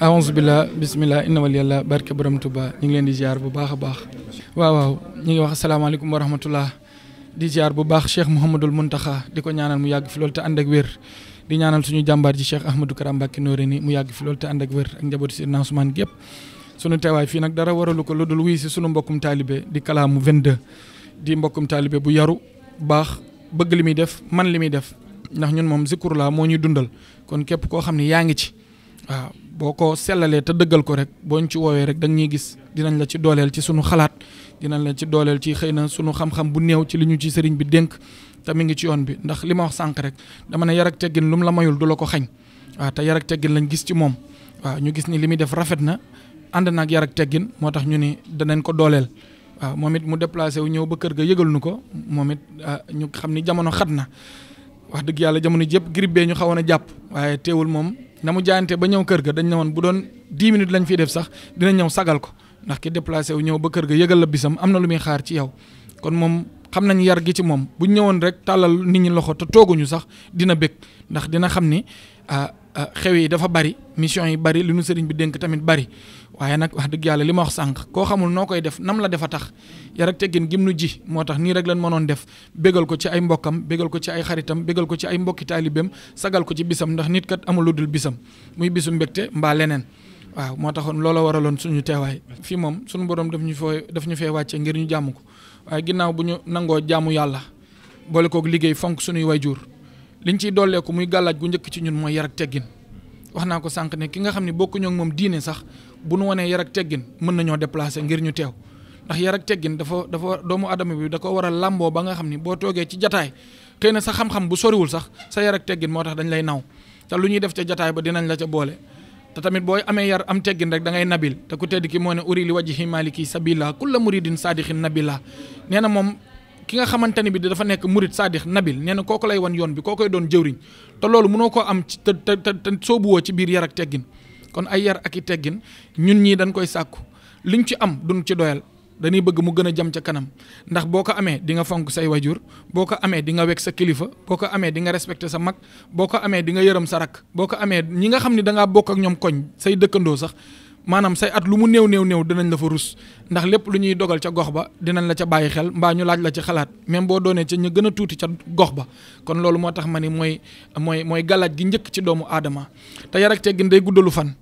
ahousubillah bisimillah inna wali yàlla barke borom Tuba ñu ngi leen di jaar bu baax a baax waaw waaw ñu ngi wax asalaamaaleykum wa rahmatullah di ziar bu baax Cheikh Mouhamadul Muntaxa di ko ñaanal mu yàgg fi loolu te ànd ak wér di ñaanal suñu jàmbaar ji Cheikh Ahmadou Karam Mbàkke nooré ni mu yàgg fi loolu te ànd ak wér ak njabootu Seydina Ousmane gépp suñu teewaay fii nag dara waralu ko lu dul wuy si suñu mbokkum taalibe di kalaamu 22 di mbokkum bu yaru baax bëgg li muy def man li muy def ndax ñun moom zikur la moo ñuy dundal kon képp koo xam ne yaa ngi ci waaw boo ko sellalee te dëggal ko rek boo ñu ci woowee rek da ñuy gis dinañ la ci dooleel ci suñu xalaat dinañ la ci dooleel ci xëy na suñu xam-xam bu néew ci li ñu ci sëriñ bi dénk te mi ngi ci yoon bi ndax li ma wax sànq rek dama ne yar teggin lu mu la mayul du la ko xañ waaw te yar teggin lañ gis ci moom waaw ñu gis ni li muy def rafet na ànd naag yar teggin moo tax ñu ni danañ ko dooleel waaw moom it mu déplacé wu ñëw ba kër ga yëgal nu ko moom it ah, ñu xam ni jamono xat na wax dëgg yàlla jamono jëpp grippe bee ñu xawoon a jàpp waaye teewul moom na mu jaayante ba ñëw kër ga dañ ne bu doon dix minutes lañ fiy def sax dina ñëw sagal ko ndax ki déplacé wu ñëw ba kër ga yëgal la bisam am na lu muy xaar ci yow kon moom xam nañ yar gi ci moom bu ñëwoon rek tàllal nit ñi loxo te tooguñu sax dina bëgg ndax dina xam ni ah Euh, xew yi dafa bari mission yi bari li nu sëriñ bi dénk tamit bari waaye nag wax dëgg yàlla li ma wax sànq koo xamul noo koy def nam la def a tax yar ak teggin gim nu ji moo tax nii rek lan mënoon def bégal ko ci ay mbokkam bégal ko ci ay xaritam bégal ko ci ay mbokki taalibeem sagal ko ci bisam ndax nit kat amul lu dul bisam muy bisu mbégte mbaa leneen waaw moo taxoon loola waraloon suñu teewaay fii moom suñu boroom daf ñu fee daf ñu fee wàcce ngir ñu jàmm ko ginnaaw bu ñu nangoo jaamu yàlla boole kook liggéey fonk suñuy wayjuur liñ ciy dolleeku muy gàllaaj gu njëkk ci ñun mooy yar ak teggin wax naa ko sànq ne ki nga xam ne bokkuñoo ak moom diine sax bu nu wanee yar ak teggin mën nañoo déplacer ngir ñu teew ndax yar ak teggin dafa dafa doomu adama bi da ko waral a làmboo ba nga xam ni boo toogee ci jataay xëy na sa xam-xam bu soriwul sax sa yar ak teggin moo tax dañ lay naw te lu ñuy def ca jataay ba dinañ la ca boole te tamit booy amee yar am teggin rek da ngay nabil te ku tedd ki moo ne uri li wajhi maliki sabila kulla muridin sadixin nabila nee na moom ki nga xamante ni bi dafa nekk murit saadix nabil nee na kooku lay wan yoon bi koo koy doon jëwriñ te loolu mënoo koo am te te te soobuwoo ci biir yar ak teggin kon ay yar ak i teggin ñun ñii dañ koy sàkku liñ ci am duñ ci doyal dañuy bëgg mu gën a jëm ca kanam ndax boo ko amee di nga fonk say wajur boo ko amee di nga wekk sa kilifa boo ko amee dinga nga respecté sa mag boo ko amee di nga yërëm sa rakk boo ko amee ñi nga xam ne danga ngaa bokk ak ñoom koñ say sax maanaam say at lu mu néew néew néew dinañ la fa rus ndax lépp lu ñuy dogal ca gox ba dinañ la ca bàyyi xel mbaa ñu laaj la ci xalaat même boo doonee ca ñu gën a tuuti ca gox ba kon loolu moo tax ma ni mooy mooy mooy galaaj gi njëkk ci doomu aadama te yarak ak teggin day guddalu fan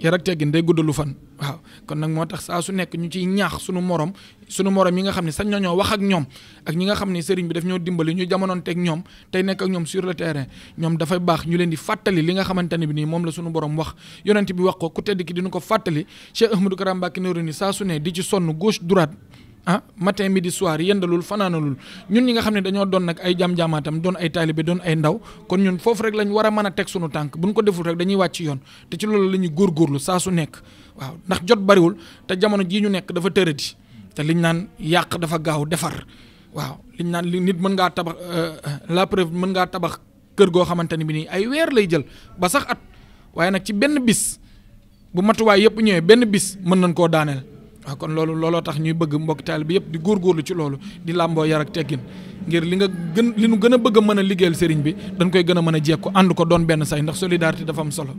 yar ak teggin day guddalu fan waaw kon nag moo tax saa su nekk ñu ciy ñaax sunu morom sunu morom yi nga xam ne sañ nañoo wax ak ñoom ak ñi nga xam ni sëriñ bi daf ñoo dimbali ñu jamonoon teg ñoom tey nekk ak ñoom sur le terrain ñoom dafay baax ñu leen di fàttali li nga xamante ne bi nii moom la sunu borom wax yonent bi wax ko ku tedd ki dina ko fàttali Cheikh Ahmadou Kara Mbacké Noreyni saa su nee di ci sonn gauche droite ah matin midi soir yendalul fanaanalul ñun ñi nga xam ne dañoo doon nag ay jaam-jaamaatam doon ay taalibe doon ay ndaw kon ñun foofu rek lañ war a mën a teg sunu tànk buñ ko deful rek dañuy wàcc yoon te ci loolu la ñuy góorgóorlu saa su nekk waaw ndax jot bariwul te jamono jii ñu nekk dafa tëradi te liñ naan yàq dafa gaaw defar waaw liñ naan li nit mën ngaa tabax euh, euh, la preuve mën ngaa tabax kër goo xamante ni bi nii ay weer lay jël ba sax at waaye nag ci benn bis bu matuwaay yëpp ñëwee benn bis mën nañ koo daaneel waaw kon loolu looloo tax ñuy bëgg mbokk taalibe bi yëpp di góorgóorlu ci loolu di làmboo yar ak teggin ngir li nga gën li nu gën a bëgg a mën a liggéeyal sëriñ bi dañ koy gën a mën a jekku ànd ko doon benn say ndax solidarité dafa am solo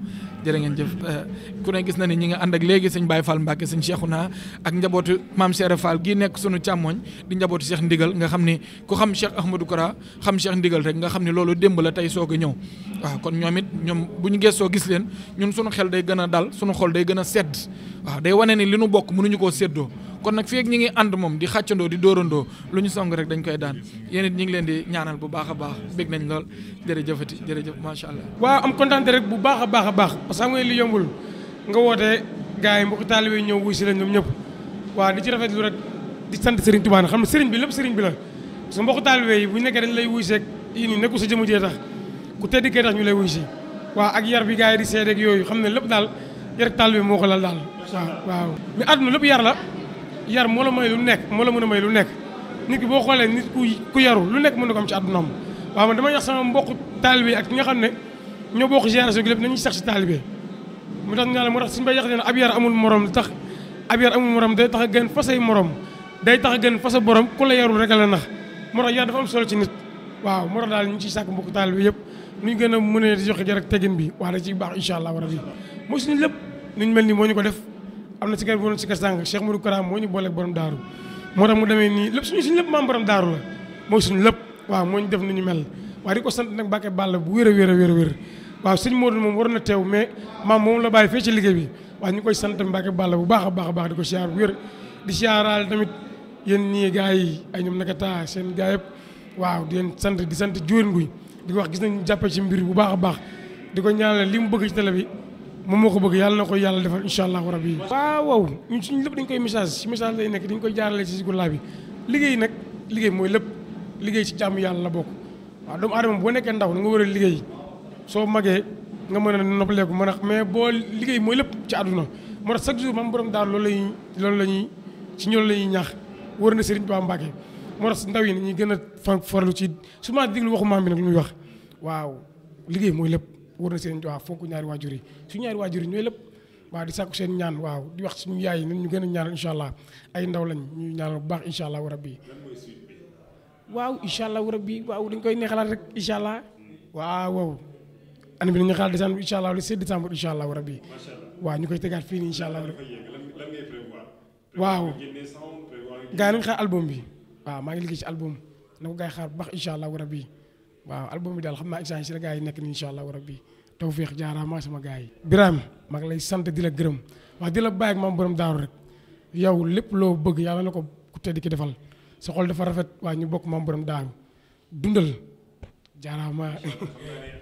jërë ngeen jëf eh, ku ne gis na ne ñi nga ànd ak léegi sëñ Baye Fall Mbacke sëñ Cheikhouna ak njabootu maam Cheikh Fall gi nekk sunu càmmooñ di njabootu seex Ndigal nga xam ne ku xam Cheikh Ahmadou Kora xam Cheikh Ndigal rek nga xam ne loolu démb la tey soog a ñëw waa kon ñoom it ñoom bu ñu soo gis leen ñun sunu xel day gën a dal sunu xol day gën a sedd waaw day séddoo kon nag fii ak ñi ngi ànd moom di xàccandoo di dóorandoo lu ñu song rek dañ koy daan yéen it ñi ngi leen di ñaanal bu baax a baax bég nañ lool jërëjëfati jërëjëf macha allah. waa am kontaan rek bu baax a baax a baax parce que xam nga li yombul nga woote gars yi mbokk taalibe ñëw wuy si la ñoom ñëpp waaw di rafet rafetlu rek di sant Serigne Touba xam ne Serigne bi lépp Serigne bi la su que mbokk taalibe yi bu ñu nekkee dañ lay wuy nekku sa jëmu jee tax ku tedd kee tax ñu lay wuy si waaw ak yar bi gars yi di seedeeg yooyu xam ne lépp daal yar taal bi moo ko lal daal waaw waaw mais àdduna lépp yar la yar moo la may lu nekk moo la mën a may lu nekk nit ki boo xoolee nit ku ku yaru lu nekk mën na ko am ci àddunaam waaw man dama yax sama mbokk taalibe ak ñi nga xam ne ñoo bokk génération gi lépp nañu sax si taalibe mu tax ñaa la mu tax suñu bay yàq nee ab yar amul morom tax ab yar amul morom day tax a gën fasay morom day tax a gën fasa borom ku la yarul rek la na moo tax yar dafa am ci nit waaw moo daal ñu ciy sàkk mbokk taalibe yëpp nu gën a mënee di joxe jar ak tegin bi wax da ci baax incha allah rabi mooy suñu lépp nuñ mel nii moo ñu ko def am na si kër bu doon si kër sàng Cheikh moo ñu booleeg borom daaru moo tax mu demee nii lépp suñu suñu lépp maam borom daaru la lépp waaw moo ñu def nu ñu mel waaye di ko sant nag Mbacke Balla bu wér a wér a wér a wér waaw sëñ Modou moom waroon na teew mais maam moom la bàyyi fee ci liggéey bi waaye ñu koy sant Mbacke Balla bu baax a baax ko siyaar bu wér di siyaaraal tamit yéen nii gars yi ay ñoom naka taa seen gars yëpp waaw di leen sant di sant jóorin guy di ko wax gis nañu jàppe ci mbir bu baax a baax di ko ñaanal li mu bëgg ci télé bi moom moo ko bëgg yàlla na ko yàlla defal incha allahu rabbi yi waaw waaw ñun suñu lépp dañ koy message si message lay nekk dañ koy jaarale ci Zikroulahi liggéey nag liggéey mooy lépp liggéey ci jàmm yàlla la bokk waaw doomu aadama boo nekkee ndaw nga war a liggéey soo magee nga mën a noppaleeku mën a mais boo liggéey mooy lépp ci àdduna moo tax chaque jour mam borom daal loolu lañuy loolu la ñuy ci ñoom la ñuy ñaax wër na Serigne Touba Mbacké moo tax ndaw yi ñuy gën a fan farlu ci souvent déglu waxu maam bi nag lu ñuy wax waaw liggéey mooy lépp war na seen waaw fonk ñaari waajur yi su ñaari waajur yi ñooy lépp waaw di sàkku seen ñaan waaw di wax suñu yaay yi nañ ñu gën a ñaanal incha allah ay ndaw lañ ñuy ñaanal bu baax incha allah rabbi waaw incha allah rabbi waaw dañ koy neexalaat rek incha allah waaw waaw année bi nañu xalaat décembre incha allah le 7 décembre incha allah rabbi waaw ñu koy tegaat fii nii incha allah waaw gaa yi xaar album bi waaw maa ngi liggéey ci album na ko gars yi xaar bu baax incha allahu rabbi waaw album bi daal xam naa instant si la gars yi nekk ni incha allahu rabbi tawféex jaaraama sama gars yi. Birame maa lay sant di la gërëm wax di la bàyyi ak maam borom daaru rek yow lépp loo bëgg yàlla na ko ku tedd ki defal sa xol dafa rafet waa ñu bokk maam borom daaru dundal jaaraama.